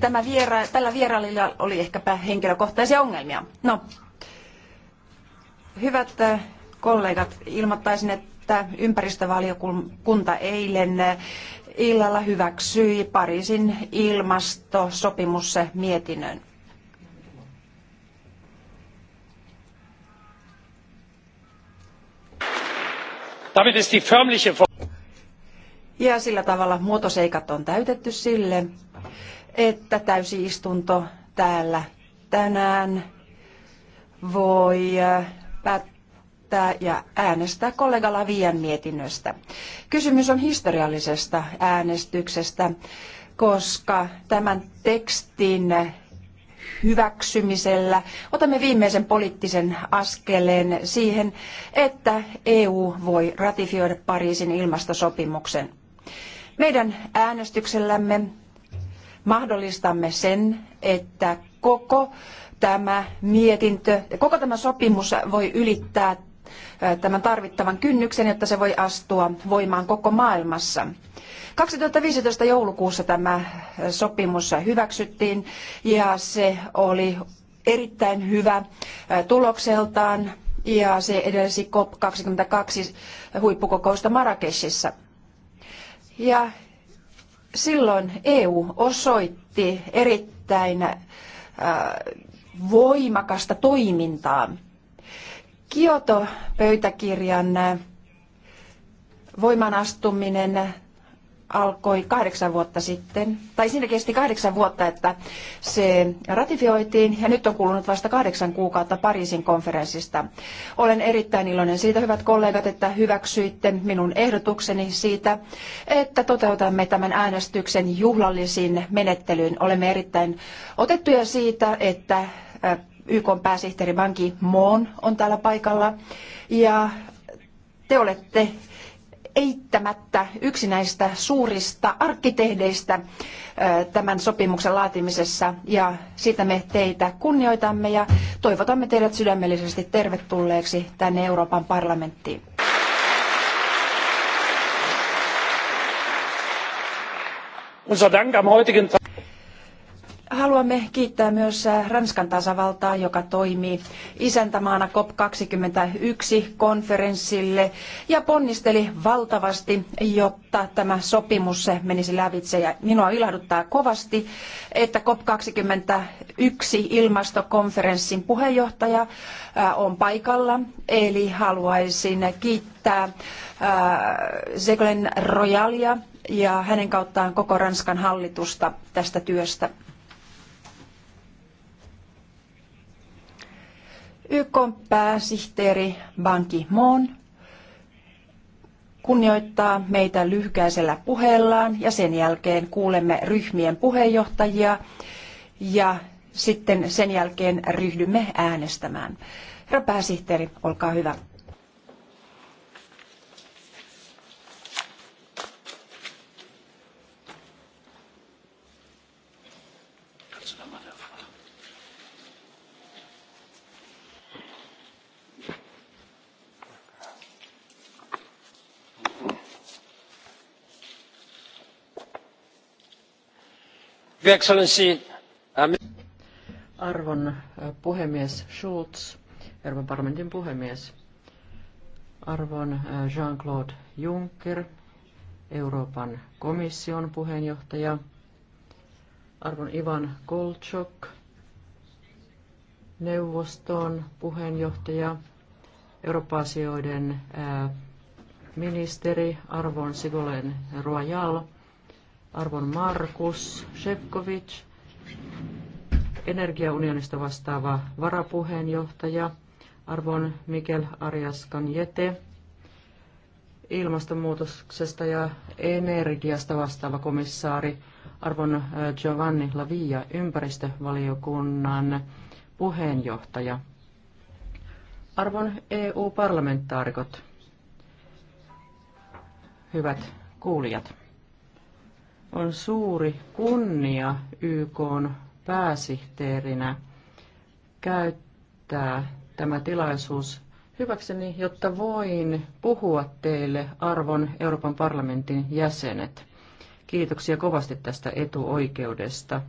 tämä viera, tällä vierailijalla oli ehkäpä henkilökohtaisia ongelmia. No, hyvät äh, kollegat, ilmoittaisin, että ympäristövaliokunta eilen äh, illalla hyväksyi Pariisin ilmastosopimusmietinnön. mietinnön. Damit ist die förmliche ja sillä tavalla muotoseikat on täytetty sille, että täysistunto täällä tänään voi äh, päättää ja äänestää kollega Lavian mietinnöstä. Kysymys on historiallisesta äänestyksestä, koska tämän tekstin hyväksymisellä otamme viimeisen poliittisen askeleen siihen, että EU voi ratifioida Pariisin ilmastosopimuksen. Meidän äänestyksellämme mahdollistamme sen, että koko tämä mietintö, koko tämä sopimus voi ylittää tämän tarvittavan kynnyksen, jotta se voi astua voimaan koko maailmassa. 2015 joulukuussa tämä sopimus hyväksyttiin ja se oli erittäin hyvä tulokseltaan ja se edelsi COP22 huippukokousta Marrakeshissa. Ja silloin EU osoitti erittäin äh, voimakasta toimintaa. Kioto-pöytäkirjan äh, voimanastuminen alkoi kahdeksan vuotta sitten, tai siinä kesti kahdeksan vuotta, että se ratifioitiin, ja nyt on kulunut vasta kahdeksan kuukautta Pariisin konferenssista. Olen erittäin iloinen siitä, hyvät kollegat, että hyväksyitte minun ehdotukseni siitä, että toteutamme tämän äänestyksen juhlallisin menettelyyn. Olemme erittäin otettuja siitä, että YK pääsihteeri Ban Ki-moon on täällä paikalla, ja te olette eittämättä yksi näistä suurista arkkitehdeistä tämän sopimuksen laatimisessa ja siitä me teitä kunnioitamme ja toivotamme teidät sydämellisesti tervetulleeksi tänne Euroopan parlamenttiin. Unser Dank am heutigen Haluamme kiittää myös äh, Ranskan tasavaltaa, joka toimii isäntämaana COP21-konferenssille ja ponnisteli valtavasti, jotta tämä sopimus menisi lävitse. Ja minua ilahduttaa kovasti, että COP21-ilmastokonferenssin puheenjohtaja äh, on paikalla, eli haluaisin kiittää äh, Zeglen Royalia ja hänen kauttaan koko Ranskan hallitusta tästä työstä. YK pääsihteeri Ban Ki-moon kunnioittaa meitä lyhykäisellä puheellaan ja sen jälkeen kuulemme ryhmien puheenjohtajia ja sitten sen jälkeen ryhdymme äänestämään. Herra pääsihteeri, olkaa hyvä. Um, arvon äh, puhemies Schulz, Euroopan parlamentin puhemies, arvon äh, Jean-Claude Juncker, Euroopan komission puheenjohtaja, arvon Ivan Kolchok, neuvoston puheenjohtaja, Eurooppa-asioiden äh, ministeri, arvon Sigolen Royal, arvon Markus Shevkovic, energiaunionista vastaava varapuheenjohtaja, arvon Mikel Arias Kanjete, ilmastonmuutoksesta ja energiasta vastaava komissaari, arvon eh, Giovanni Lavia, ympäristövaliokunnan puheenjohtaja. Arvon EU-parlamentaarikot, hyvät kuulijat. On suuri kunnia YK pääsihteerinä käyttää tämä tilaisuus hyväkseni, jotta voin puhua teille arvon Euroopan parlamentin jäsenet. Kiitoksia kovasti tästä etuoikeudesta.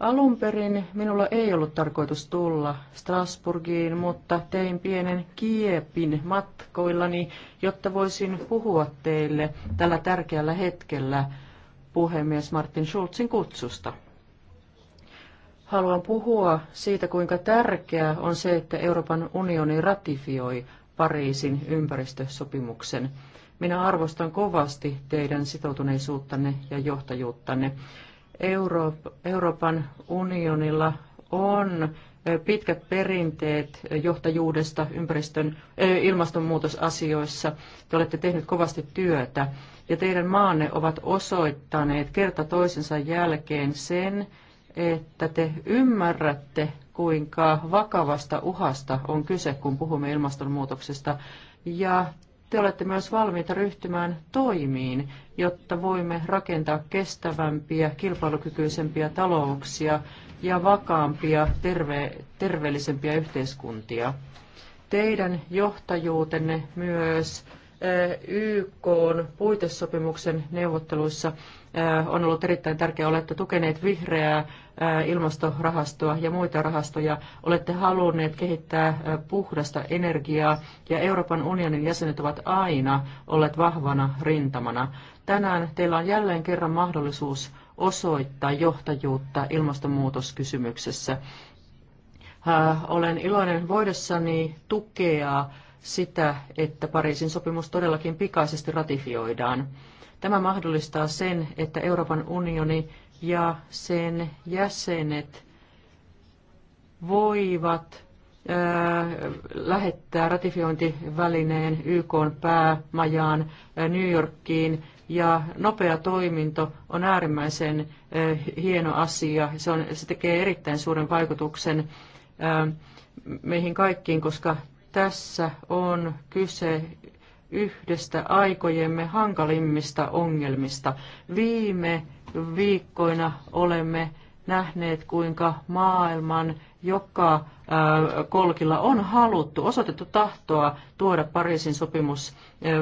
Alun perin minulla ei ollut tarkoitus tulla Strasburgiin, mutta tein pienen kiepin matkoillani, jotta voisin puhua teille tällä tärkeällä hetkellä puhemies Martin Schulzin kutsusta. Haluan puhua siitä, kuinka tärkeää on se, että Euroopan unioni ratifioi Pariisin ympäristösopimuksen. Minä arvostan kovasti teidän sitoutuneisuuttanne ja johtajuuttanne. Euroop, Euroopan unionilla on eh, pitkät perinteet johtajuudesta ympäristön, eh, ilmastonmuutosasioissa. Te olette tehneet kovasti työtä ja teidän maanne ovat osoittaneet kerta toisensa jälkeen sen, että te ymmärrätte, kuinka vakavasta uhasta on kyse, kun puhumme ilmastonmuutoksesta, ja te olette myös valmiita ryhtymään toimiin, jotta voimme rakentaa kestävämpiä, kilpailukykyisempiä talouksia ja vakaampia, terve, terveellisempiä yhteiskuntia. Teidän johtajuutenne myös YK puitesopimuksen neuvotteluissa on ollut erittäin tärkeää. Olette tukeneet vihreää ilmastorahastoa ja muita rahastoja. Olette halunneet kehittää puhdasta energiaa ja Euroopan unionin jäsenet ovat aina olleet vahvana rintamana. Tänään teillä on jälleen kerran mahdollisuus osoittaa johtajuutta ilmastonmuutoskysymyksessä. Olen iloinen voidessani tukea sitä, että Pariisin sopimus todellakin pikaisesti ratifioidaan. Tämä mahdollistaa sen, että Euroopan unioni ja sen jäsenet voivat lähettää ratifiointivälineen YK päämajaan New Yorkiin ja nopea toiminto on äärimmäisen hieno asia. Se, on, se tekee erittäin suuren vaikutuksen meihin kaikkiin, koska tässä on kyse yhdestä aikojemme hankalimmista ongelmista. Viime viikkoina olemme nähneet, kuinka maailman joka kolkilla on haluttu, osoitettu tahtoa tuoda Pariisin sopimus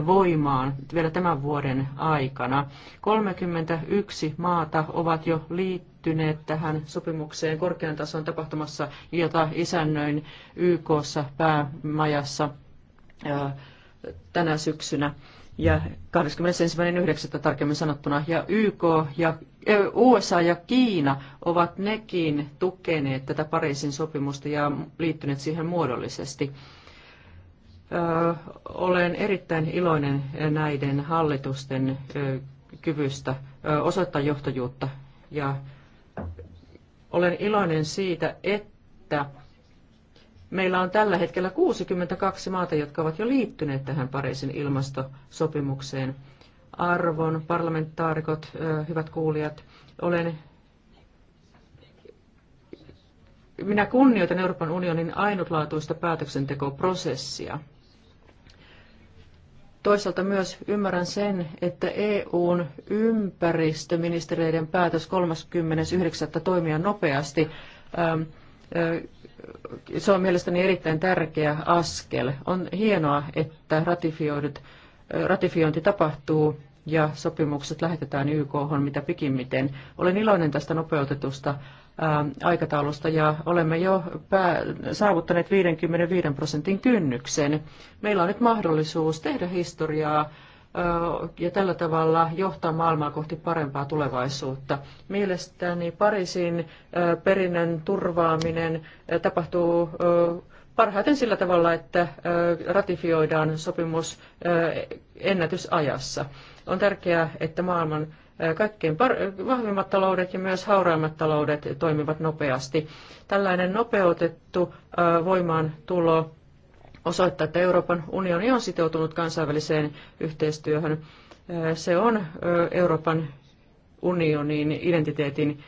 voimaan vielä tämän vuoden aikana. 31 maata ovat jo liittyneet tähän sopimukseen korkean tason tapahtumassa, jota isännöin YKssa päämajassa tänä syksynä ja 21.9. tarkemmin sanottuna. Ja YK ja USA ja Kiina ovat nekin tukeneet tätä Pariisin sopimusta ja liittyneet siihen muodollisesti. Olen erittäin iloinen näiden hallitusten kyvystä osoittaa johtajuutta ja olen iloinen siitä, että meillä on tällä hetkellä 62 maata, jotka ovat jo liittyneet tähän Pariisin ilmastosopimukseen – arvon parlamentaarikot, hyvät kuulijat. Olen minä kunnioitan Euroopan unionin ainutlaatuista päätöksentekoprosessia. Toisaalta myös ymmärrän sen, että EUn ympäristöministereiden päätös 30.9. toimia nopeasti, ähm, äh, se on mielestäni erittäin tärkeä askel. On hienoa, että ratifioidut ratifiointi tapahtuu ja sopimukset lähetetään YK, mitä pikimmiten. Olen iloinen tästä nopeutetusta aikataulusta ja olemme jo pää, saavuttaneet 55 prosentin kynnyksen. Meillä on nyt mahdollisuus tehdä historiaa ja tällä tavalla johtaa maailmaa kohti parempaa tulevaisuutta. Mielestäni Pariisin perinnön turvaaminen tapahtuu parhaiten sillä tavalla, että ratifioidaan sopimus ennätysajassa. On tärkeää, että maailman kaikkein vahvimmat taloudet ja myös hauraimmat taloudet toimivat nopeasti. Tällainen nopeutettu voimaantulo osoittaa, että Euroopan unioni on sitoutunut kansainväliseen yhteistyöhön. Se on Euroopan unionin identiteetin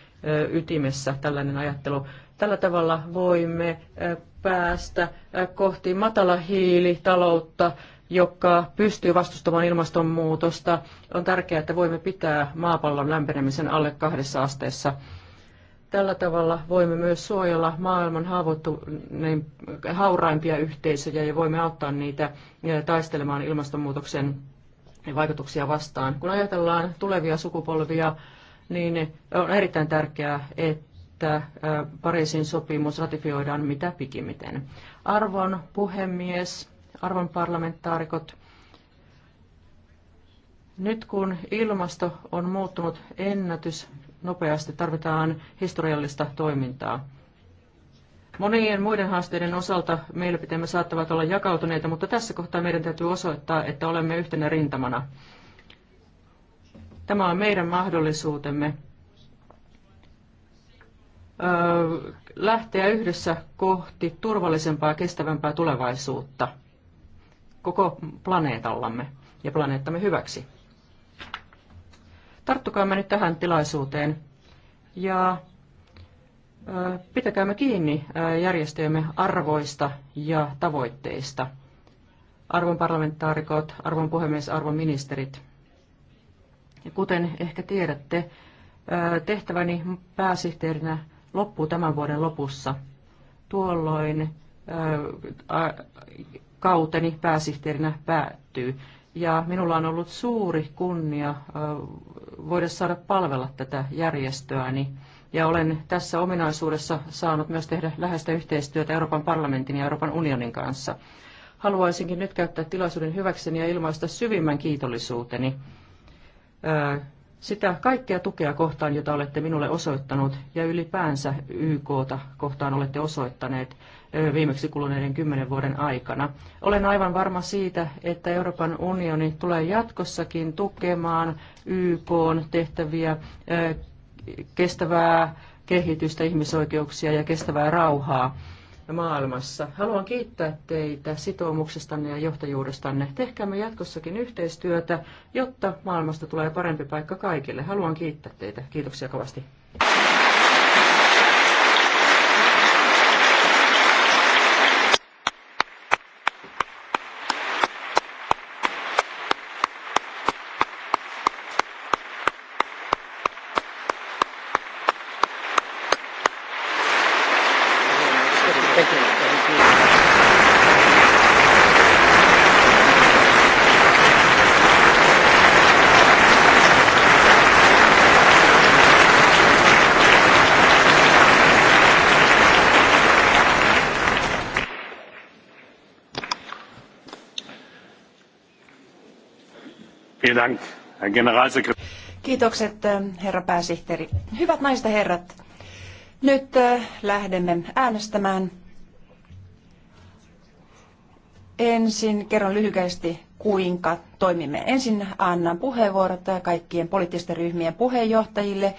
ytimessä tällainen ajattelu. Tällä tavalla voimme päästä äh, kohti matalahiilitaloutta, joka pystyy vastustamaan ilmastonmuutosta. On tärkeää, että voimme pitää maapallon lämpenemisen alle kahdessa asteessa. Tällä tavalla voimme myös suojella maailman hauraimpia yhteisöjä ja voimme auttaa niitä äh, taistelemaan ilmastonmuutoksen vaikutuksia vastaan. Kun ajatellaan tulevia sukupolvia, niin on erittäin tärkeää, että että Pariisin sopimus ratifioidaan mitä pikimmiten. Arvon puhemies, arvon parlamentaarikot, nyt kun ilmasto on muuttunut ennätys nopeasti, tarvitaan historiallista toimintaa. Monien muiden haasteiden osalta mielipiteemme saattavat olla jakautuneita, mutta tässä kohtaa meidän täytyy osoittaa, että olemme yhtenä rintamana. Tämä on meidän mahdollisuutemme lähteä yhdessä kohti turvallisempaa ja kestävämpää tulevaisuutta koko planeetallamme ja planeettamme hyväksi. Tarttukaamme nyt tähän tilaisuuteen ja pitäkäämme kiinni järjestöjemme arvoista ja tavoitteista. Arvon parlamentaarikot, arvon puhemies, arvon ministerit. Kuten ehkä tiedätte, tehtäväni pääsihteerinä loppuu tämän vuoden lopussa. Tuolloin kauteni pääsihteerinä päättyy. Ja minulla on ollut suuri kunnia voida saada palvella tätä järjestöäni. Ja olen tässä ominaisuudessa saanut myös tehdä läheistä yhteistyötä Euroopan parlamentin ja Euroopan unionin kanssa. Haluaisinkin nyt käyttää tilaisuuden hyväkseni ja ilmaista syvimmän kiitollisuuteni sitä kaikkea tukea kohtaan, jota olette minulle osoittanut ja ylipäänsä YKta kohtaan olette osoittaneet viimeksi kuluneiden kymmenen vuoden aikana. Olen aivan varma siitä, että Euroopan unioni tulee jatkossakin tukemaan YK tehtäviä kestävää kehitystä, ihmisoikeuksia ja kestävää rauhaa maailmassa. Haluan kiittää teitä sitoumuksestanne ja johtajuudestanne. Tehkäämme jatkossakin yhteistyötä, jotta maailmasta tulee parempi paikka kaikille. Haluan kiittää teitä. Kiitoksia kovasti. Vielen Kiitokset, eh, herra pääsihteeri. Hyvät naiset ja herrat, nyt eh, lähdemme äänestämään. Ensin kerron lyhyesti kuinka toimimme. Ensin annan puheenvuorot eh, kaikkien poliittisten ryhmien puheenjohtajille,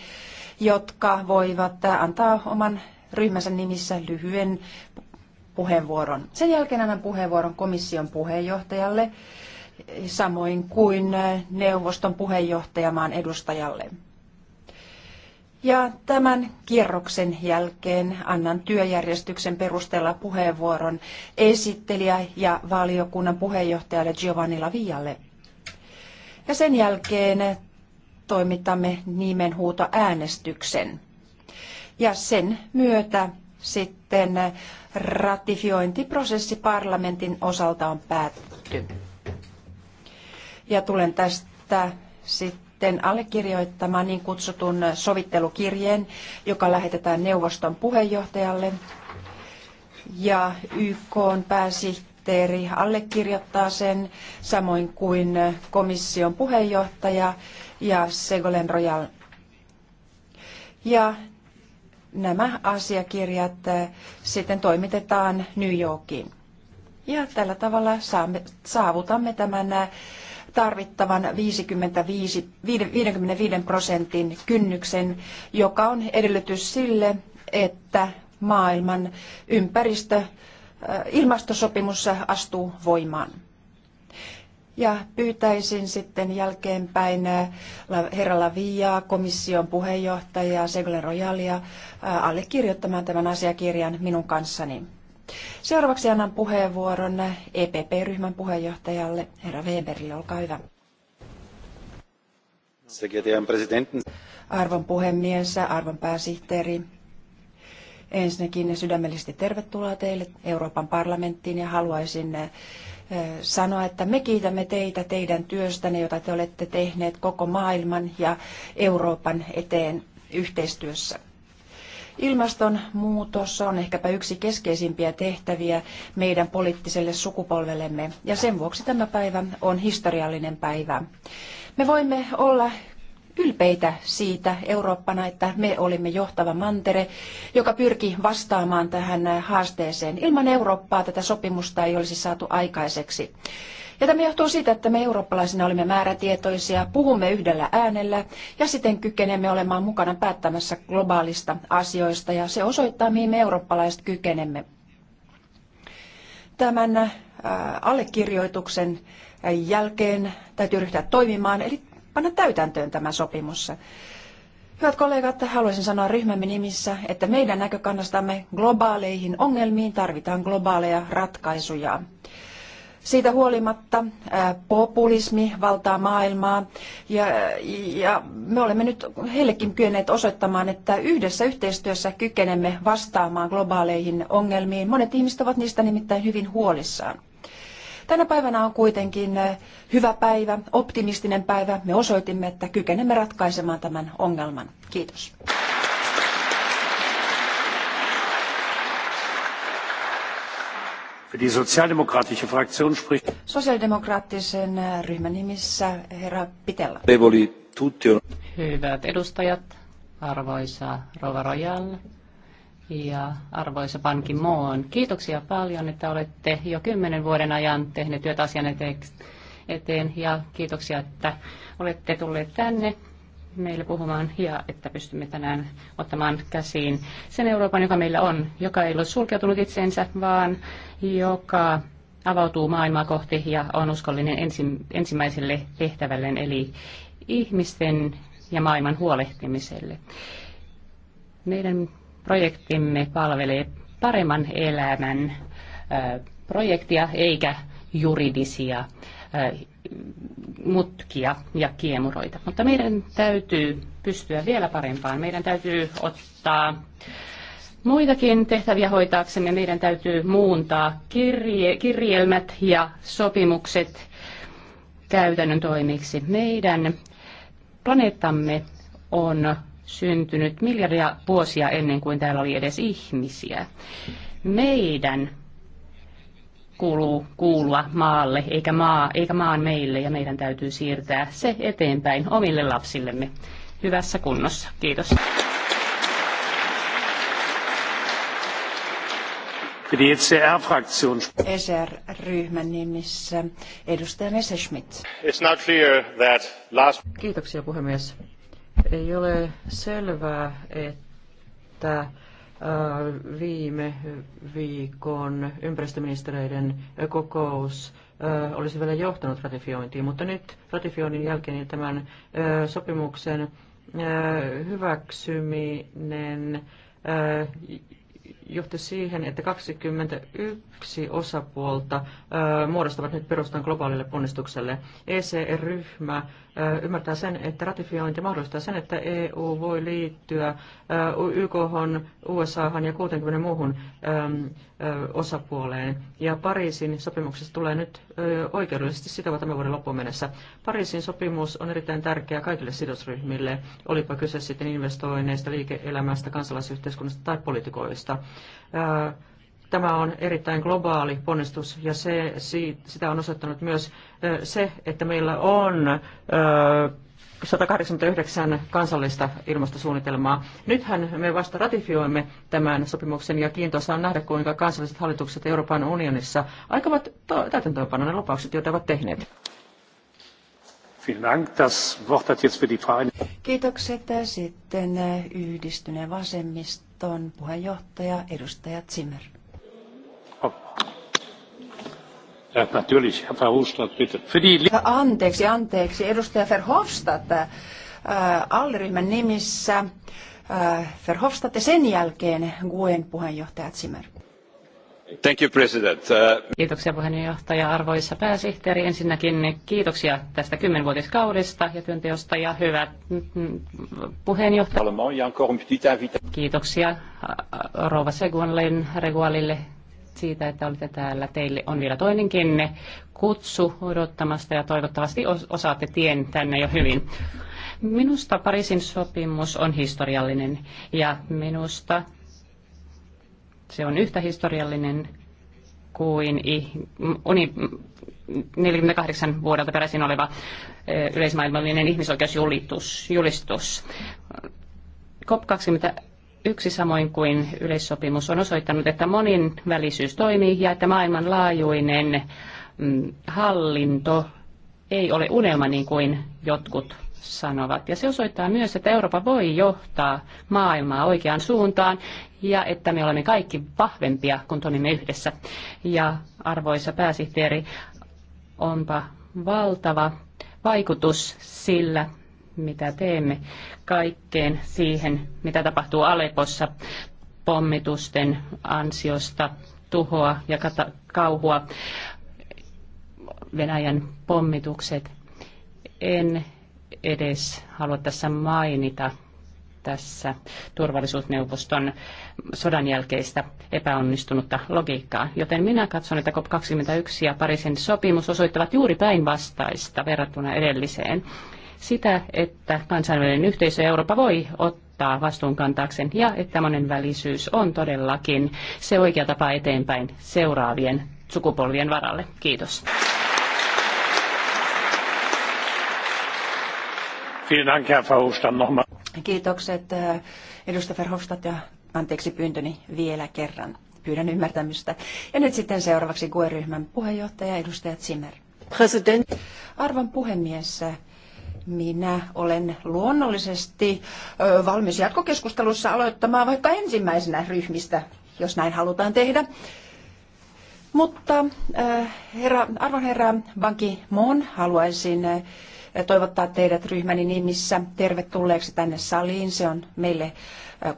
jotka voivat antaa oman ryhmänsä nimissä lyhyen puheenvuoron. Sen jälkeen annan puheenvuoron komission puheenjohtajalle samoin kuin neuvoston puheenjohtajamaan edustajalle. Ja tämän kierroksen jälkeen annan työjärjestyksen perusteella puheenvuoron esittelijä ja valiokunnan puheenjohtajalle Giovanni Lavialle. Ja sen jälkeen toimitamme nimenhuuto äänestyksen. Ja sen myötä sitten ratifiointiprosessi parlamentin osalta on päättynyt ja tulen tästä sitten allekirjoittamaan niin kutsutun sovittelukirjeen, joka lähetetään neuvoston puheenjohtajalle. Ja YK on pääsihteeri allekirjoittaa sen, samoin kuin komission puheenjohtaja ja Segolen Royal. Ja nämä asiakirjat eh, sitten toimitetaan New Yorkiin. Ja tällä tavalla saavutamme tämän eh, tarvittavan 55, 55 prosentin kynnyksen, joka on edellytys sille, että maailman ympäristö ilmastosopimus astuu voimaan. Ja pyytäisin sitten jälkeenpäin herra Laviaa, komission puheenjohtajaa, Seglen Royalia allekirjoittamaan tämän asiakirjan minun kanssani. Seuraavaksi annan puheenvuoron EPP-ryhmän puheenjohtajalle, herra Weberille, olkaa hyvä. Arvon puhemies, arvon pääsihteeri, ensinnäkin sydämellisesti tervetuloa teille Euroopan parlamenttiin ja haluaisin eh, sanoa, että me kiitämme teitä teidän työstänne, jota te olette tehneet koko maailman ja Euroopan eteen yhteistyössä. Ilmastonmuutos on ehkäpä yksi keskeisimpiä tehtäviä meidän poliittiselle sukupolvellemme ja sen vuoksi tämä päivä on historiallinen päivä. Me voimme olla ylpeitä siitä Eurooppana, että me olimme johtava mantere, joka pyrki vastaamaan tähän haasteeseen. Ilman Eurooppaa tätä sopimusta ei olisi saatu aikaiseksi. Ja tämä johtuu siitä, että me eurooppalaisina olemme määrätietoisia, puhumme yhdellä äänellä ja siten kykenemme olemaan mukana päättämässä globaalista asioista ja se osoittaa, mihin me eurooppalaiset kykenemme. Tämän äh, allekirjoituksen jälkeen täytyy ryhtyä toimimaan, eli panna täytäntöön tämä sopimus. Hyvät kollegat, haluaisin sanoa ryhmämme nimissä, että meidän näkökannastamme globaaleihin ongelmiin tarvitaan globaaleja ratkaisuja. Siitä huolimatta populismi valtaa maailmaa ja, ja me olemme nyt heillekin kyenneet osoittamaan, että yhdessä yhteistyössä kykenemme vastaamaan globaaleihin ongelmiin. Monet ihmiset ovat niistä nimittäin hyvin huolissaan. Tänä päivänä on kuitenkin hyvä päivä, optimistinen päivä. Me osoitimme, että kykenemme ratkaisemaan tämän ongelman. Kiitos. Für Sosiaalidemokraattisen ryhmän nimissä herra Pitella. Hyvät edustajat, arvoisa Rova Royal ja arvoisa Pankin Moon. Kiitoksia paljon, että olette jo kymmenen vuoden ajan tehneet työt asian eteen ja kiitoksia, että olette tulleet tänne meille puhumaan ja että pystymme tänään ottamaan käsiin sen Euroopan, joka meillä on, joka ei ole sulkeutunut itseensä, vaan joka avautuu maailmaa kohti ja on uskollinen ensi, ensimmäiselle tehtävälle, eli ihmisten ja maailman huolehtimiselle. Meidän projektimme palvelee paremman elämän projektia eikä juridisia mutkia ja kiemuroita. Mutta meidän täytyy pystyä vielä parempaan. Meidän täytyy ottaa muitakin tehtäviä hoitaaksemme. Meidän täytyy muuntaa kirje, kirjelmät ja sopimukset käytännön toimiksi. Meidän planeettamme on syntynyt miljardia vuosia ennen kuin täällä oli edes ihmisiä. Meidän kuuluu kuulua maalle, eikä, maa, eikä maan meille, ja meidän täytyy siirtää se eteenpäin omille lapsillemme hyvässä kunnossa. Kiitos. ECR-ryhmän e e nimissä edustaja Messerschmidt. Last... Kiitoksia puhemies. Ei ole selvää, että viime viikon ympäristöministereiden kokous olisi vielä johtanut ratifiointiin, mutta nyt ratifioinnin jälkeen niin tämän sopimuksen hyväksyminen johti siihen, että 21 osapuolta muodostavat nyt perustan globaalille ponnistukselle. ECR-ryhmä ymmärtää sen, että ratifiointi mahdollistaa sen, että EU voi liittyä YK, USA ja 60 muuhun osapuoleen. Ja Pariisin sopimuksesta tulee nyt oikeudellisesti sitova tämän vuoden loppuun mennessä. Pariisin sopimus on erittäin tärkeä kaikille sidosryhmille, olipa kyse sitten investoinneista, liike-elämästä, kansalaisyhteiskunnasta tai poliitikoista. Tämä on erittäin globaali ponnistus ja se, sitä on osoittanut myös se, että meillä on 189 kansallista ilmastosuunnitelmaa. Nythän me vasta ratifioimme tämän sopimuksen ja kiintoisa on nähdä, kuinka kansalliset hallitukset Euroopan unionissa aikavat täytäntöönpanon ne lupaukset, joita ovat tehneet. Kiitokset. Sitten yhdistyneen vasemmiston puheenjohtaja edustaja Zimmer. Anteeksi, anteeksi. Edustaja Verhofstadt äh, alliryhmän nimissä. Äh, Verhofstadt ja sen jälkeen Guen puheenjohtaja Zimmer. Thank you, President. Kiitoksia puheenjohtaja, arvoisa pääsihteeri. Ensinnäkin kiitoksia tästä kymmenvuotiskaudesta ja työnteosta ja hyvät puheenjohtaja. Kiitoksia rouva Seguanlen Regualille siitä, että olette täällä. Teille on vielä toinenkin kutsu odottamasta ja toivottavasti osaatte tien tänne jo hyvin. Minusta Pariisin sopimus on historiallinen ja minusta se on yhtä historiallinen kuin 48 vuodelta peräisin oleva yleismaailmallinen ihmisoikeusjulistus. COP20 yksi samoin kuin yleissopimus on osoittanut, että moninvälisyys toimii ja että maailmanlaajuinen mm, hallinto ei ole unelma niin kuin jotkut sanovat. Ja se osoittaa myös, että Eurooppa voi johtaa maailmaa oikeaan suuntaan ja että me olemme kaikki vahvempia, kun toimimme yhdessä. Ja arvoisa pääsihteeri, onpa valtava vaikutus sillä, mitä teemme kaikkeen siihen, mitä tapahtuu Alepossa pommitusten ansiosta, tuhoa ja kauhua, Venäjän pommitukset. En edes halua tässä mainita tässä turvallisuusneuvoston sodan jälkeistä epäonnistunutta logiikkaa. Joten minä katson, että COP21 ja Pariisin sopimus osoittavat juuri päinvastaista verrattuna edelliseen sitä, että kansainvälinen yhteisö ja Eurooppa voi ottaa vastuun kantaakseen ja että monenvälisyys on todellakin se oikea tapa eteenpäin seuraavien sukupolvien varalle. Kiitos. Kiitokset äh, edustaja Verhofstadt ja anteeksi pyyntöni vielä kerran. Pyydän ymmärtämystä. Ja nyt sitten seuraavaksi GUE-ryhmän puheenjohtaja edustaja Zimmer. President. Arvon puhemies, minä olen luonnollisesti valmis jatkokeskustelussa aloittamaan vaikka ensimmäisenä ryhmistä, jos näin halutaan tehdä. Mutta herra, arvon herra Banki Moon haluaisin toivottaa teidät ryhmäni nimissä tervetulleeksi tänne saliin. Se on meille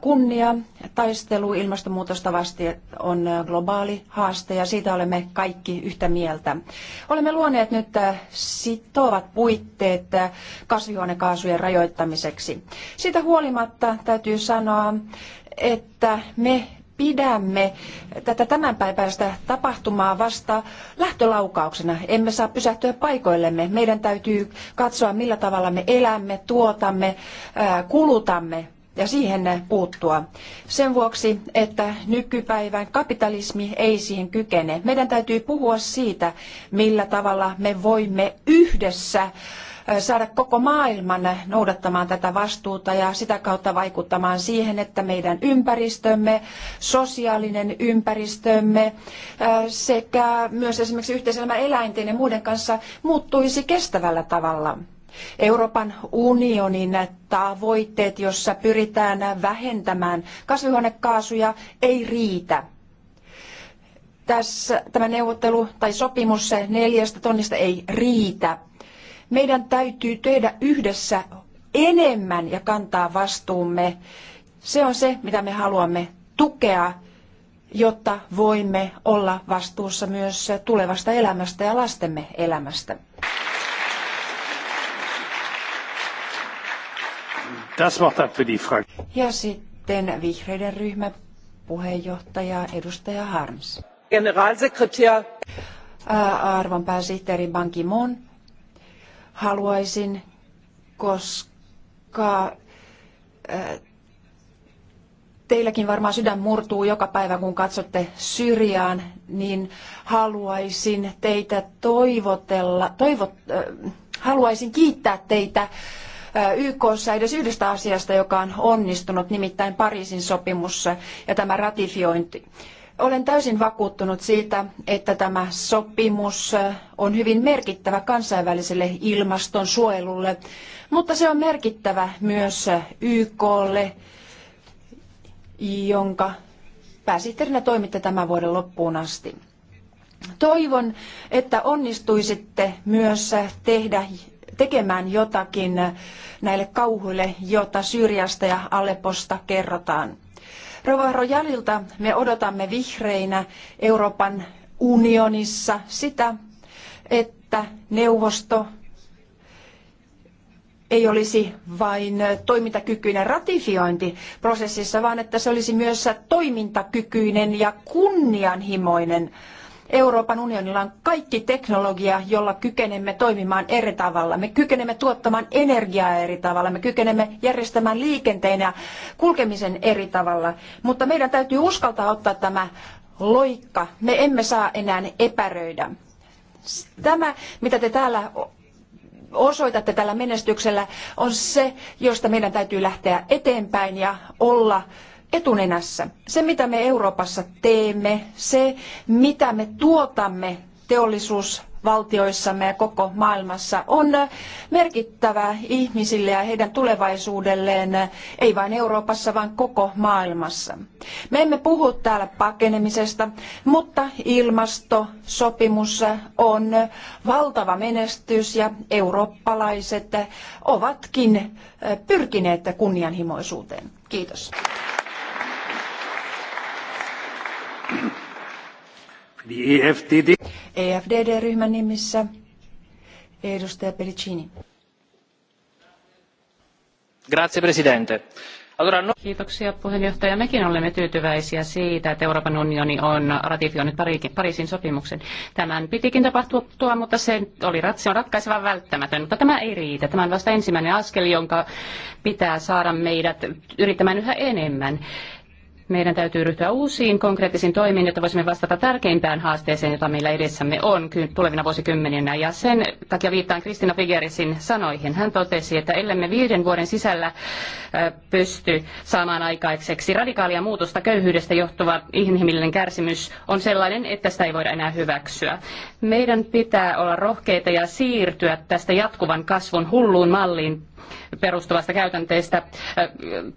kunnia. Taistelu ilmastonmuutosta vasti on globaali haaste ja siitä olemme kaikki yhtä mieltä. Olemme luoneet nyt sitovat puitteet kasvihuonekaasujen rajoittamiseksi. Siitä huolimatta täytyy sanoa, että me pidämme tätä tämänpäiväistä tapahtumaa vasta lähtölaukauksena. Emme saa pysähtyä paikoillemme. Meidän täytyy katsoa, millä tavalla me elämme, tuotamme, kulutamme ja siihen puuttua. Sen vuoksi, että nykypäivän kapitalismi ei siihen kykene. Meidän täytyy puhua siitä, millä tavalla me voimme yhdessä saada koko maailman noudattamaan tätä vastuuta ja sitä kautta vaikuttamaan siihen, että meidän ympäristömme, sosiaalinen ympäristömme äh, sekä myös esimerkiksi yhteiselämä eläinten ja muiden kanssa muuttuisi kestävällä tavalla. Euroopan unionin tavoitteet, jossa pyritään vähentämään kasvihuonekaasuja, ei riitä. Tässä, tämä neuvottelu tai sopimus neljästä tonnista ei riitä. Meidän täytyy tehdä yhdessä enemmän ja kantaa vastuumme. Se on se, mitä me haluamme tukea, jotta voimme olla vastuussa myös tulevasta elämästä ja lastemme elämästä. Das Wort für die Frage. Ja sitten vihreiden ryhmä puheenjohtaja edustaja Harms. Generalsekretär. Arvon pääsihteeri Ban Ki-moon, haluaisin, koska teilläkin varmaan sydän murtuu joka päivä, kun katsotte Syriaan, niin haluaisin teitä toivotella, toivot, haluaisin kiittää teitä YKssa edes yhdestä asiasta, joka on onnistunut, nimittäin Pariisin sopimus ja tämä ratifiointi. Olen täysin vakuuttunut siitä, että tämä sopimus on hyvin merkittävä kansainväliselle ilmastonsuojelulle, mutta se on merkittävä myös YKlle, jonka pääsihteerinä toimitte tämän vuoden loppuun asti. Toivon, että onnistuisitte myös tehdä, tekemään jotakin näille kauhuille, jota Syyriasta ja Alepposta kerrotaan. Rova Rojalilta me odotamme vihreinä Euroopan unionissa sitä, että neuvosto ei olisi vain toimintakykyinen ratifiointiprosessissa, vaan että se olisi myös toimintakykyinen ja kunnianhimoinen äh, Euroopan unionilla on kaikki teknologia, jolla kykenemme toimimaan eri tavalla. Me kykenemme tuottamaan energiaa eri tavalla, me kykenemme järjestämään liikenteen ja kulkemisen eri tavalla. Mutta meidän täytyy uskaltaa ottaa tämä loikka. Me emme saa enää epäröidä. Tämä, mitä te täällä osoitatte tällä menestyksellä, on se, josta meidän täytyy lähteä eteenpäin ja olla etunenässä. Se, mitä me Euroopassa teemme, se, mitä me tuotamme teollisuusvaltioissamme ja koko maailmassa, on merkittävää ihmisille ja heidän tulevaisuudelleen, ei vain Euroopassa, vaan koko maailmassa. Me emme puhu täällä pakenemisesta, mutta ilmastosopimus on valtava menestys ja eurooppalaiset ovatkin pyrkineet kunnianhimoisuuteen. Kiitos. EFDD. EFDD-ryhmän nimissä edustaja Pelicini. Grazie, Presidente. No- Kiitoksia puheenjohtaja. Mekin olemme tyytyväisiä siitä, että Euroopan unioni on ratifioinut Pariisin sopimuksen. Tämän pitikin tapahtua, mutta se oli se on ratkaisevan välttämätön. Mutta tämä ei riitä. Tämä on vasta ensimmäinen askel, jonka pitää saada meidät yrittämään yhä enemmän meidän täytyy ryhtyä uusiin konkreettisiin toimiin, jotta voisimme vastata tärkeimpään haasteeseen, jota meillä edessämme on tulevina vuosikymmeninä. Ja sen takia viittaan Kristina Figerisin sanoihin. Hän totesi, että ellemme viiden vuoden sisällä pysty saamaan aikaiseksi radikaalia muutosta köyhyydestä johtuva inhimillinen kärsimys on sellainen, että sitä ei voida enää hyväksyä. Meidän pitää olla rohkeita ja siirtyä tästä jatkuvan kasvun hulluun malliin perustuvasta käytänteestä äh,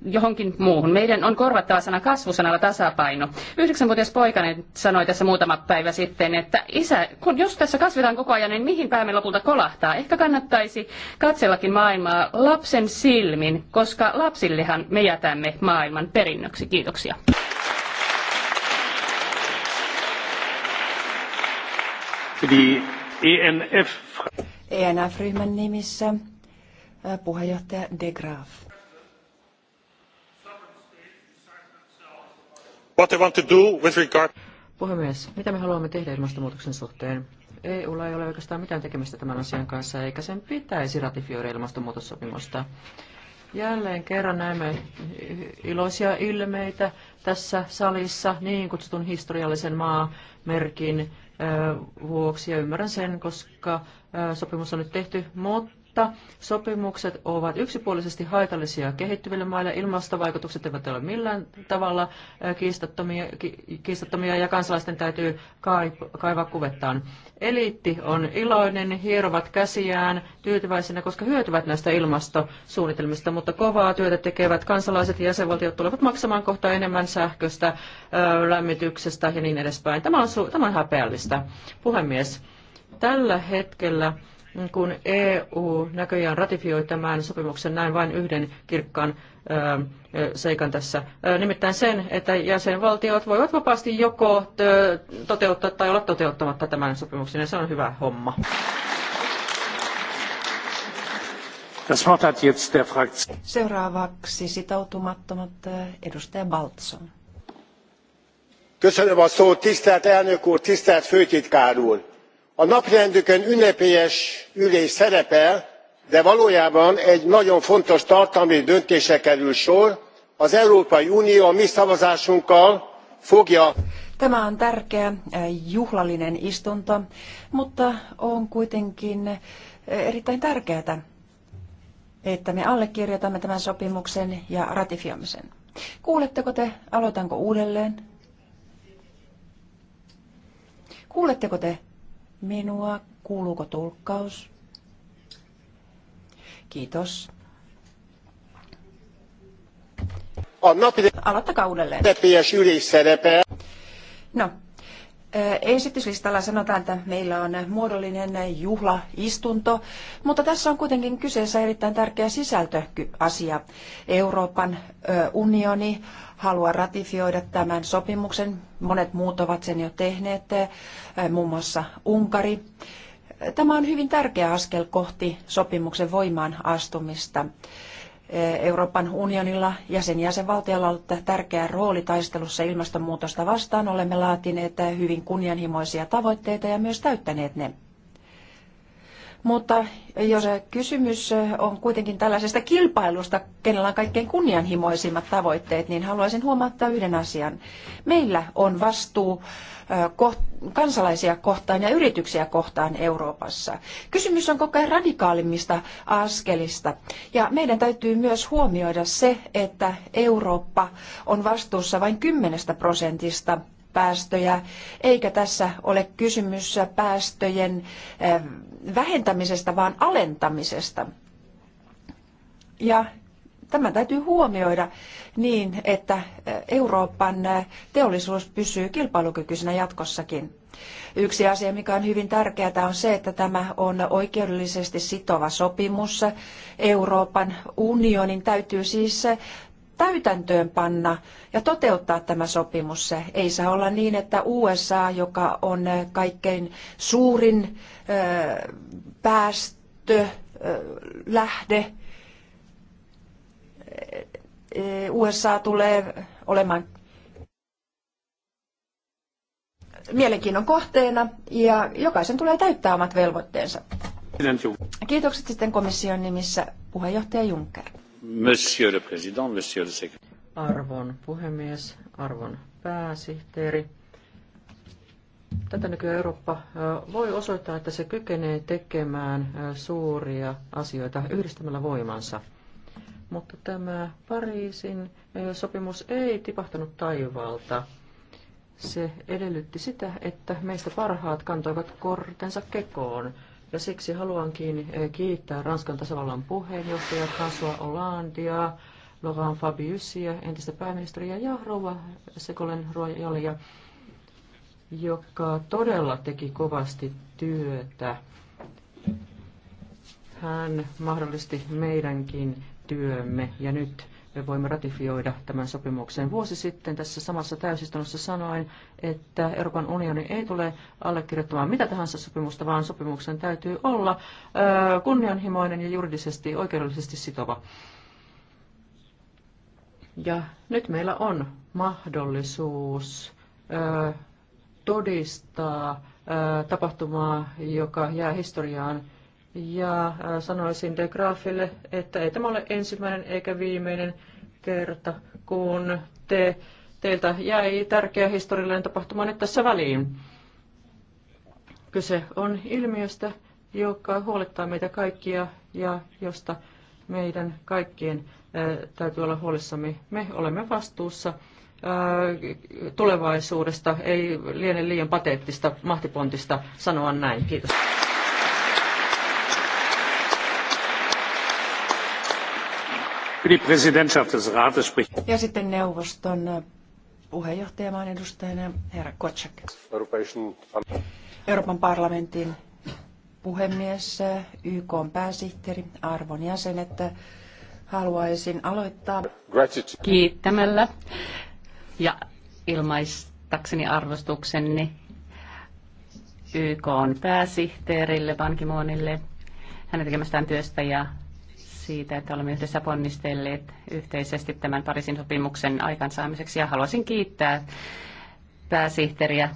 johonkin muuhun. Meidän on korvattava sana kasvusanalla tasapaino. Yhdeksänvuotias poikainen sanoi tässä muutama päivä sitten, että isä, kun jos tässä kasvetaan koko ajan, niin mihin päämme lopulta kolahtaa? Ehkä kannattaisi katsellakin maailmaa lapsen silmin, koska lapsillehan me jätämme maailman perinnöksi. Kiitoksia. ENF-ryhmän e e nimissä puheenjohtaja De Graaf. What they want to do with regard... Puhemies, mitä me haluamme tehdä ilmastonmuutoksen suhteen? EUlla ei ole oikeastaan mitään tekemistä tämän asian kanssa, eikä sen pitäisi ratifioida ilmastonmuutossopimusta. Jälleen kerran näemme iloisia ilmeitä tässä salissa niin kutsutun historiallisen maamerkin vuoksi, ja ymmärrän sen, koska sopimus on nyt tehty, mutta mutta Sopimukset ovat yksipuolisesti haitallisia kehittyville maille. Ilmastovaikutukset eivät ole millään tavalla äh, kiistattomia, kiistattomia ja kansalaisten täytyy kaivaa kuvettaan. Eliitti on iloinen, hierovat käsiään tyytyväisenä, koska hyötyvät näistä ilmastosuunnitelmista, mutta kovaa työtä tekevät kansalaiset ja jäsenvaltiot tulevat maksamaan kohta enemmän sähköstä, äh, lämmityksestä ja niin edespäin. Tämä on, tämä on häpeällistä. Puhemies, tällä hetkellä kun EU näköjään ratifioi tämän sopimuksen, näin vain yhden kirkkaan seikan tässä. Nimittäin sen, että jäsenvaltiot voivat vapaasti joko toteuttaa tai olla toteuttamatta tämän sopimuksen, ja se on hyvä homma. Seuraavaksi sitoutumattomat edustaja Baltson. Köszönöm a szót, tisztelt elnök úr, tisztelt főtitkár úr! a napirendünkön ünnepélyes ülés szerepel de valójában egy nagyon fontos tartalmi döntésre kerül sor az európai unió a mi szavazásunkkal fogja. tämä on tärkeä eh, juhlallinen istunto mutta on kuitenkin eh, erittäin tärkeää että me allekirjoitamme tämän sopimuksen ja ratifioimme sen. Kuuletteko te, aloitanko uudelleen? Kuuletteko te, minua? Kuuluuko tulkkaus? Kiitos. Aloittakaa uudelleen. No, Esityslistalla sanotaan, että meillä on muodollinen juhlaistunto, mutta tässä on kuitenkin kyseessä erittäin tärkeä sisältöasia. Euroopan unioni halua ratifioida tämän sopimuksen. Monet muut ovat sen jo tehneet, eh, muun muassa Unkari. Tämä on hyvin tärkeä askel kohti sopimuksen voimaan astumista. Eh, Euroopan unionilla ja sen jäsenvaltiolla on ollut tärkeä rooli taistelussa ilmastonmuutosta vastaan. Olemme laatineet eh, hyvin kunnianhimoisia tavoitteita ja myös täyttäneet ne. Mutta jos kysymys on kuitenkin tällaisesta kilpailusta, kenellä on kaikkein kunnianhimoisimmat tavoitteet, niin haluaisin huomauttaa yhden asian. Meillä on vastuu kansalaisia kohtaan ja yrityksiä kohtaan Euroopassa. Kysymys on koko ajan radikaalimmista askelista. Ja meidän täytyy myös huomioida se, että Eurooppa on vastuussa vain 10 prosentista päästöjä, eikä tässä ole kysymys päästöjen eh, vähentämisestä, vaan alentamisesta. Ja tämä täytyy huomioida niin, että eh, Euroopan eh, teollisuus pysyy kilpailukykyisenä jatkossakin. Yksi asia, mikä on hyvin tärkeää, on se, että tämä on oikeudellisesti sitova sopimus. Euroopan unionin täytyy siis täytäntöön panna ja toteuttaa tämä sopimus. Ei saa olla niin, että USA, joka on kaikkein suurin päästölähde, USA tulee olemaan mielenkiinnon kohteena ja jokaisen tulee täyttää omat velvoitteensa. Kiitokset sitten komission nimissä puheenjohtaja Juncker. Monsieur le Président, Monsieur le Secrétaire. Arvon puhemies, arvon pääsihteeri. Tätä nykyään Eurooppa voi osoittaa, että se kykenee tekemään suuria asioita yhdistämällä voimansa. Mutta tämä Pariisin sopimus ei tipahtanut taivaalta. Se edellytti sitä, että meistä parhaat kantoivat kortensa kekoon ja siksi haluankin eh, kiittää Ranskan tasavallan puheenjohtaja François Hollandea, Laurent Fabiusia, entistä pääministeriä ja rouva Sekolen Royalia, joka todella teki kovasti työtä. Hän mahdollisti meidänkin työmme ja nyt me voimme ratifioida tämän sopimuksen. Vuosi sitten tässä samassa täysistunnossa sanoin, että Euroopan unioni ei tule allekirjoittamaan mitä tahansa sopimusta, vaan sopimuksen täytyy olla kunnianhimoinen ja juridisesti oikeudellisesti sitova. Ja nyt meillä on mahdollisuus todistaa tapahtumaa, joka jää historiaan ja äh, sanoisin De Graafille, että ei tämä ole ensimmäinen eikä viimeinen kerta, kun te, teiltä jäi tärkeä historiallinen tapahtuma nyt tässä väliin. Kyse on ilmiöstä, joka huolettaa meitä kaikkia ja josta meidän kaikkien äh, täytyy olla huolissamme. Me olemme vastuussa äh, tulevaisuudesta. Ei liene liian pateettista mahtipontista sanoa näin. Kiitos. Ja sitten neuvoston puheenjohtajamaan edustajana herra Kotsak. Euroopan parlamentin puhemies, YK pääsihteeri, arvon jäsenet, haluaisin aloittaa kiittämällä ja ilmaistakseni arvostukseni YK pääsihteerille, Ki-moonille hänen tekemästään työstä ja siitä, että olemme yhdessä ponnistelleet yhteisesti tämän Pariisin sopimuksen aikansaamiseksi, ja haluaisin kiittää pääsihteeriä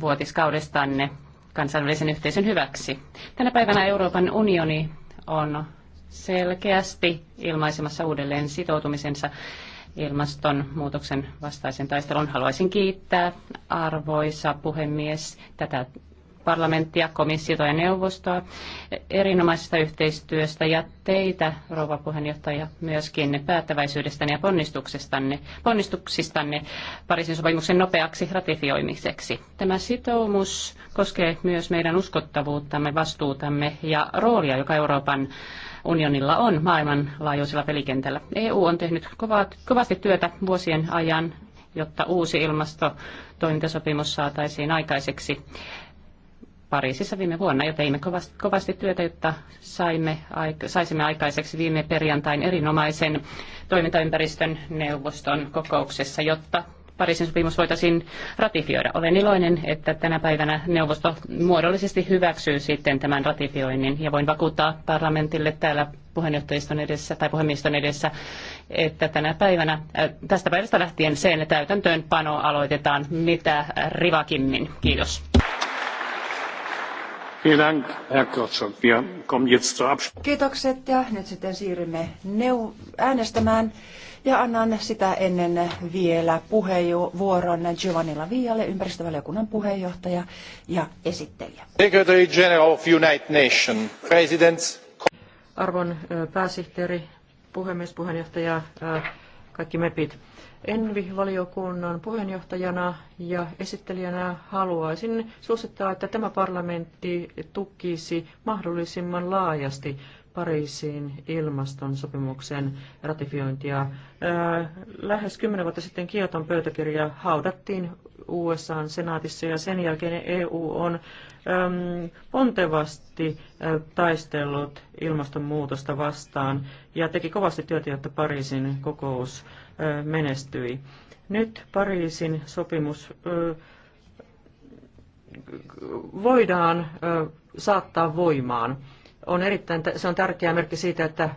vuotiskaudestanne kansainvälisen yhteisön hyväksi. Tänä päivänä Euroopan unioni on selkeästi ilmaisemassa uudelleen sitoutumisensa ilmastonmuutoksen vastaisen taistelun. Haluaisin kiittää arvoisa puhemies tätä parlamenttia, komissiota ja neuvostoa erinomaisesta yhteistyöstä ja teitä, rouva puheenjohtaja, myöskin päättäväisyydestänne ja ponnistuksestanne, ponnistuksistanne Pariisin sopimuksen nopeaksi ratifioimiseksi. Tämä sitoumus koskee myös meidän uskottavuuttamme, vastuutamme ja roolia, joka Euroopan unionilla on maailmanlaajuisella pelikentällä. EU on tehnyt kovasti työtä vuosien ajan jotta uusi ilmastotoimintasopimus saataisiin aikaiseksi Pariisissa viime vuonna ja teimme kovasti, kovasti työtä, jotta saimme, saisimme aikaiseksi viime perjantain erinomaisen toimintaympäristön neuvoston kokouksessa, jotta Pariisin sopimus voitaisiin ratifioida. Olen iloinen, että tänä päivänä neuvosto muodollisesti hyväksyy sitten tämän ratifioinnin ja voin vakuuttaa parlamentille täällä puheenjohtajiston edessä tai puhemiehiston edessä, että tänä päivänä, äh, tästä päivästä lähtien sen täytäntöönpano aloitetaan mitä rivakimmin. Kiitos. Kiitokset ja nyt sitten siirrymme neu- äänestämään ja annan sitä ennen vielä puheenvuoron Giovanni Lavialle, ympäristövaliokunnan puheenjohtaja ja esittelijä. Secretary General of United Nations, President... Arvon pääsihteeri, puhemies, puheenjohtaja, äh, kaikki MEPit. Envi-valiokunnan puheenjohtajana ja esittelijänä haluaisin suosittaa, että tämä parlamentti tukisi mahdollisimman laajasti Pariisin ilmastonsopimuksen ratifiointia. Lähes kymmenen vuotta sitten Kioton pöytäkirja haudattiin usa senaatissa ja sen jälkeen EU on Ähm, pontevasti äh, taistellut ilmastonmuutosta vastaan ja teki kovasti työtä, jotta Pariisin kokous äh, menestyi. Nyt Pariisin sopimus voidaan saattaa voimaan. On erittäin, se on tärkeä merkki siitä, että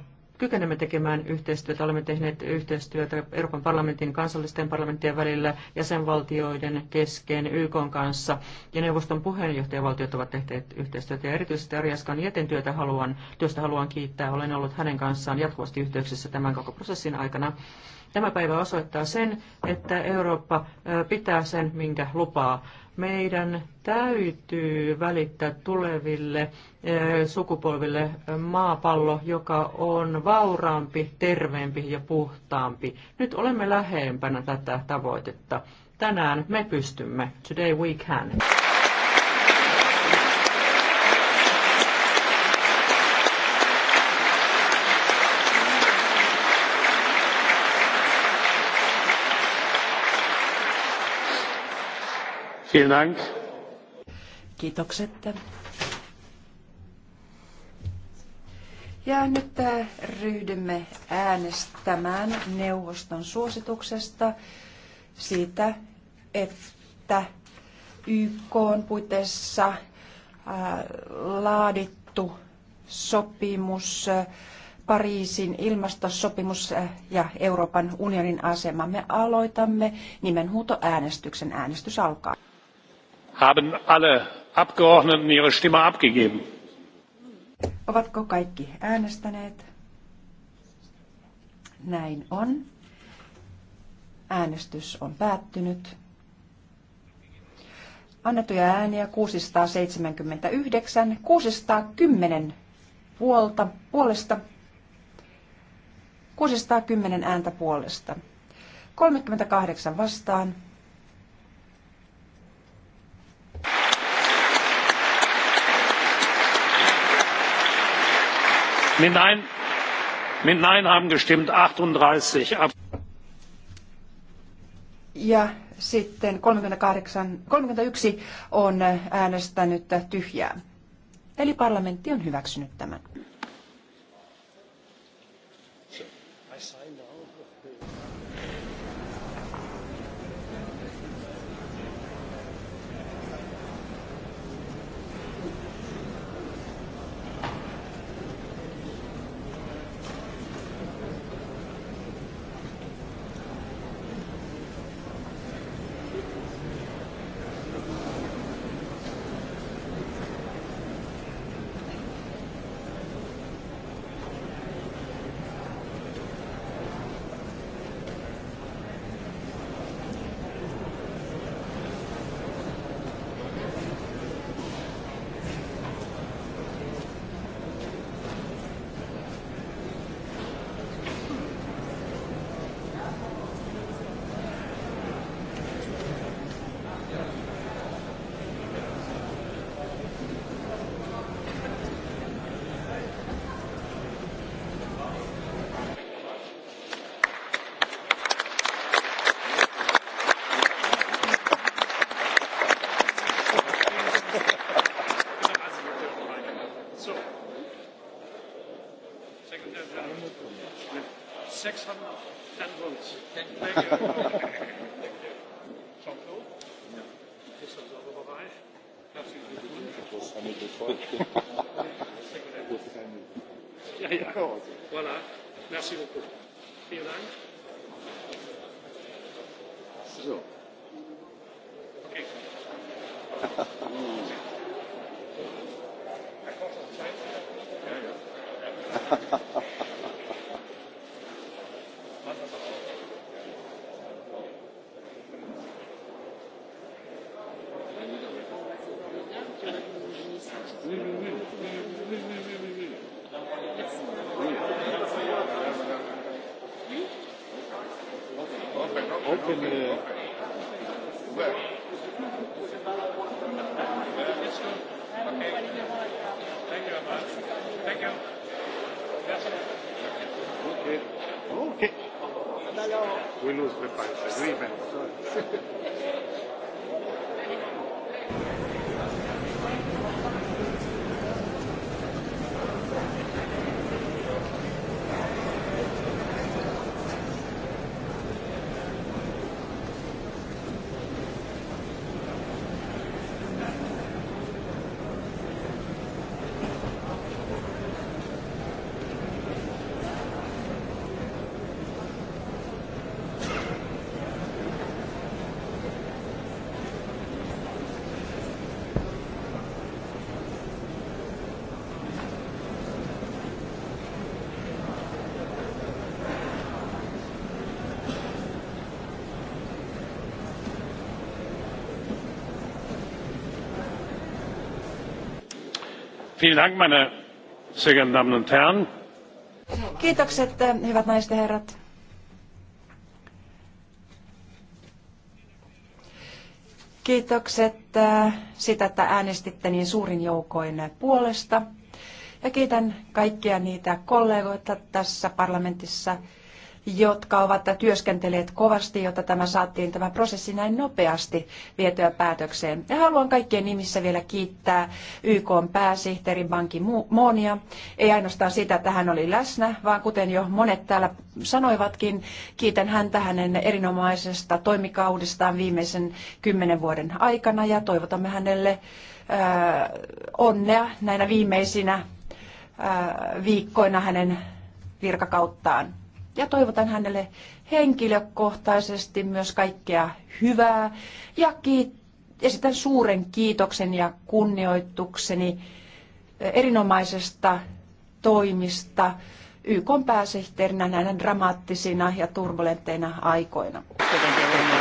kykenemme tekemään yhteistyötä. Olemme tehneet yhteistyötä Euroopan parlamentin kansallisten parlamenttien välillä, jäsenvaltioiden kesken, YK kanssa ja neuvoston puheenjohtajavaltiot ovat tehneet yhteistyötä. Ja erityisesti Arjaskan jäten työtä haluan, työstä haluan kiittää. Olen ollut hänen kanssaan jatkuvasti yhteyksissä tämän koko prosessin aikana. Tämä päivä osoittaa sen, että Eurooppa pitää sen, minkä lupaa. Meidän täytyy välittää tuleville sukupolville maapallo, joka on vauraampi, terveempi ja puhtaampi. Nyt olemme lähempänä tätä tavoitetta. Tänään me pystymme. Today we can. Vielen Kiitokset. Ja nyt äh, ryhdymme äänestämään neuvoston suosituksesta siitä, että YK on puitteissa äh, laadittu sopimus, äh, Pariisin ilmastosopimus ja Euroopan unionin asema. Me aloitamme nimenhuutoäänestyksen. Äänestys alkaa haben alle abgeordneten ihre stimme abgegeben? Ovatko kaikki äänestäneet? Näin on. Äänestys on päättynyt. Annettuja ääniä 679, 610 puolta, puolesta, 610 ääntä puolesta, 38 vastaan, mit nein haben gestimmt achtunddreißig ja sitten 38, 31 on äänestänyt tyhjää. Eli parlamentti on hyväksynyt tämän. Merci beaucoup. We lose the price agreement. Kiitokset, eh, hyvät naiset ja herrat. Kiitokset eh, sitä, että äänestitte niin suurin joukoin puolesta. Ja kiitän kaikkia niitä kollegoita tässä parlamentissa, jotka ovat työskenteleet kovasti, jotta tämä saatiin tämä prosessi näin nopeasti vietyä päätökseen. Ja haluan kaikkien nimissä vielä kiittää YK pääsihteeri Banki Moonia. Ei ainoastaan sitä, että hän oli läsnä, vaan kuten jo monet täällä sanoivatkin, kiitän häntä hänen erinomaisesta toimikaudestaan viimeisen kymmenen vuoden aikana ja toivotamme hänelle äh, onnea näinä viimeisinä äh, viikkoina hänen virkakauttaan ja toivotan hänelle henkilökohtaisesti myös kaikkea hyvää ja kiit- esitän suuren kiitoksen ja kunnioitukseni erinomaisesta toimista YK pääsihteerinä näinä dramaattisina ja turbulenteina aikoina. Kiitos.